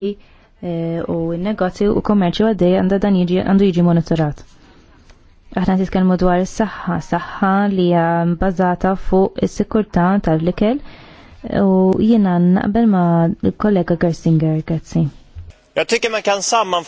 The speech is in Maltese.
Eh, u il negozju u kommerċu għaddej għanda dan għandu jiġi monitorat. Aħna titkellmu dwar is-saħħa, saħħa li hija bbażata fuq is-sikurtà tal-ikel u jiena naqbel ma' kollega Gersinger Grazzi. Jag tycker man kan samman